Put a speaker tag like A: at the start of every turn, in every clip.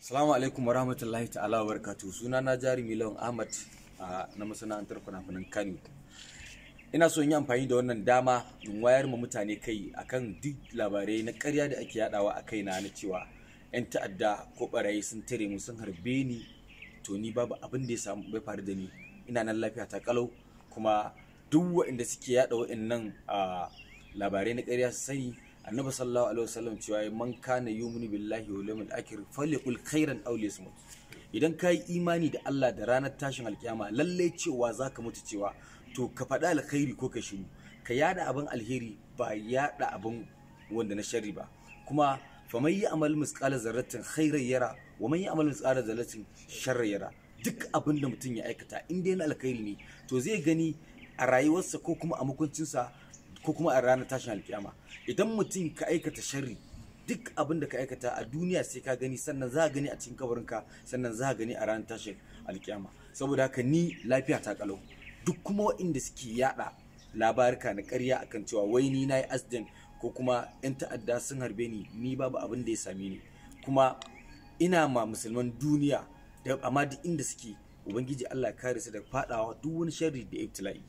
A: Salamu alaikum wa rahmatullahi ta'ala wa barakatu. Suna na Jarumi Lawan Ahmad na masana'antar fina fanan Kano. Ina so yi amfani da wannan dama in wayar ma mutane kai akan duk labarai na karya da ake yadawa a kaina na cewa 'yan ta'adda ko barayi sun tare mu sun harbe ni to ni babu abin da ya samu bai faru da ni ina nan lafiya ta kalau kuma duk waɗanda suke yada waɗannan labarai na karya su sani annabi sallallahu alaihi wasallam cewa man kana yuminu billahi wal yawmil akhir falyaqul khairan aw liyasmut idan kayi imani da Allah da ranar tashin alkiyama lalle cewa zaka mutu cewa to ka faɗa alkhairi ko ka shiru ka yada abin alheri ba yada abin wanda na sharri ba kuma fa mai yi amal misqala zarratin khairan yara wa man yi amal misqala zarratin sharri yara duk abin da mutum ya aikata in dai na alkhairi ne to zai gani a rayuwarsa ko kuma a mukuncinsa ko kuma a ranar tashin alkiyama idan mutum ka aikata sharri duk abin da ka aikata a duniya sai ka gani sannan za gani a cikin kabarinka sannan za gani a ranar tashin alkiyama saboda haka ni lafiya ta kalau duk kuma waɗanda suke yada labarika na ƙarya akan cewa wai ni na yi asden ko kuma 'yan ta'adda sun harbe ni ni babu abin da ya same ni kuma ina ma musulman duniya amma duk inda suke ubangiji Allah kare su da faɗawa duk wani sharri da ibtila'i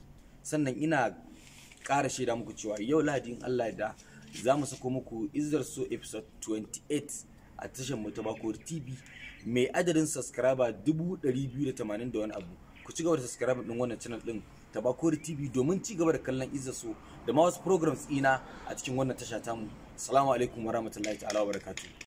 A: sannan ina kara shaida muku cewa yau lahadi in Allah da za mu sako muku izar so episode 28 a tashar mu ta tv mai adadin subscriber 280 da wani abu ku ci gaba da subscribe din wannan channel din ta bakor tv domin ci gaba da kallon izar so da ma wasu programs ina a cikin wannan tasha tamu assalamu alaikum warahmatullahi ta'ala wabarakatuh